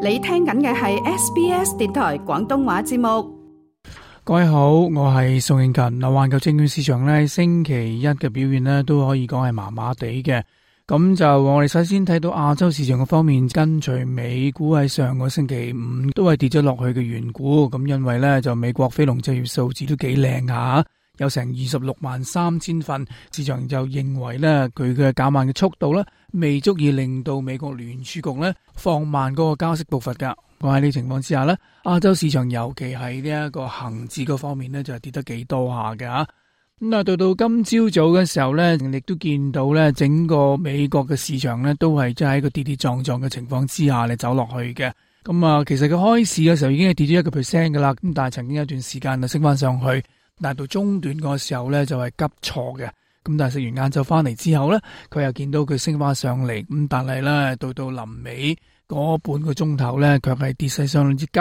你聽緊嘅係 SBS 電台廣東話節目，各位好，我係宋慶勤。嗱，環球證券市場呢星期一嘅表現咧，都可以講係麻麻地嘅。咁就我哋首先睇到亞洲市場嘅方面，跟隨美股喺上個星期五都係跌咗落去嘅緣故。咁因為呢，就美國非農就業數字都幾靚啊。有成二十六萬三千份，市場就認為咧，佢嘅減慢嘅速度咧，未足以令到美國聯儲局咧放慢嗰個加息步伐㗎。喎，喺呢情況之下咧，亞洲市場尤其喺呢一個恒指嗰方面咧，就係跌得幾多下㗎吓。咁啊，到到今朝早嘅時候咧，亦都見到咧，整個美國嘅市場咧，都係即係喺個跌跌撞撞嘅情況之下嚟走落去嘅。咁、嗯、啊，其實佢開市嘅時候已經係跌咗一個 percent 㗎啦。咁但係曾經有段時間就升返上去。但係到中段嗰時候咧就係急挫嘅，咁但係食完晏晝翻嚟之後咧，佢又見到佢升翻上嚟，咁但係咧到到臨尾嗰半個鐘頭咧，卻係跌勢相當之急。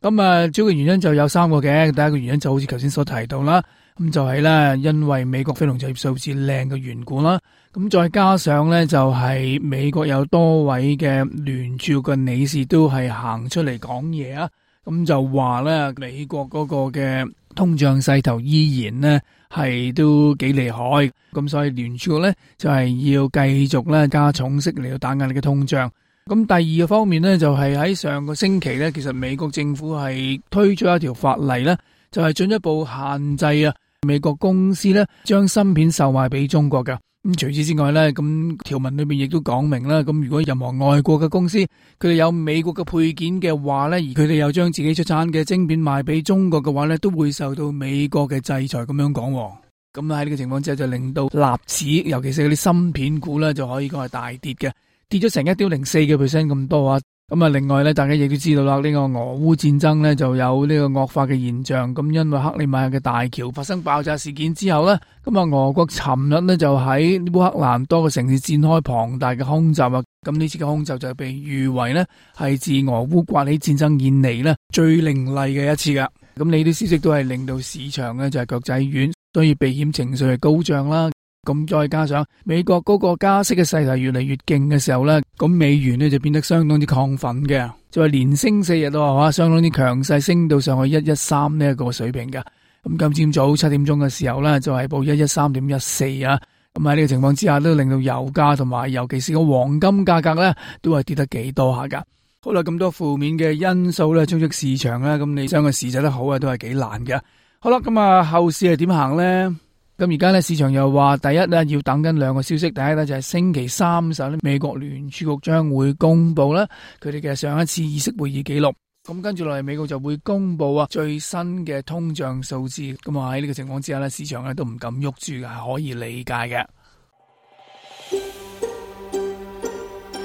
咁啊，主要原因就有三個嘅，第一個原因就好似頭先所提到啦，咁就係咧因為美國非農就業數字靚嘅緣故啦，咁再加上咧就係美國有多位嘅聯儲嘅理事都係行出嚟講嘢啊，咁就話咧美國嗰個嘅。通脹勢頭依然咧，係都幾厲害，咁所以聯儲咧就係要繼續咧加重息嚟到打壓呢個通脹。咁第二個方面咧，就係喺上個星期咧，其實美國政府係推出一條法例咧，就係進一步限制啊美國公司咧將芯片售賣俾中國噶。咁除此之外咧，咁條文裏面亦都講明啦。咁如果任何外國嘅公司，佢哋有美國嘅配件嘅話咧，而佢哋又將自己出產嘅晶片賣俾中國嘅話咧，都會受到美國嘅制裁。咁樣講，咁喺呢個情況之下，就令到納指，尤其是嗰啲芯片股咧，就可以講係大跌嘅，跌咗成一點零四嘅 percent 咁多啊。咁啊，另外咧，大家亦都知道啦，呢個俄烏戰爭呢就有呢個惡化嘅現象。咁因為克里米亞嘅大橋發生爆炸事件之後呢，咁啊，俄國尋日呢就喺烏克蘭多個城市展開龐大嘅空襲啊。咁呢次嘅空襲就被譽為呢係自俄烏颳起戰爭現嚟，呢最凌厲嘅一次噶。咁呢啲消息都係令到市場呢就係腳仔軟，所以避險情緒係高漲啦。咁再加上美國嗰個加息嘅勢頭越嚟越勁嘅時候咧，咁美元呢就變得相當之亢奮嘅，就係連升四日都話話相當之強勢升到上去一一三呢一個水平嘅。咁今朝早七點鐘嘅時候咧，就係報一一三點一四啊。咁喺呢個情況之下，都令到油價同埋，尤其是個黃金價格咧，都係跌得幾多下噶。好啦，咁多負面嘅因素咧，衝擊市場咧，咁你想個市走得好啊，都係幾難嘅。好啦，咁啊，後市係點行咧？咁而家咧，市場又話，第一呢要等緊兩個消息，第一呢就係星期三時候咧，美國聯儲局將會公布咧佢哋嘅上一次議息會議記錄。咁跟住落嚟，美國就會公布啊最新嘅通脹數字。咁啊喺呢個情況之下呢，市場呢都唔敢喐住嘅，係可以理解嘅。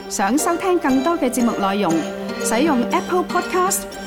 想收聽更多嘅節目內容，使用 Apple Podcast。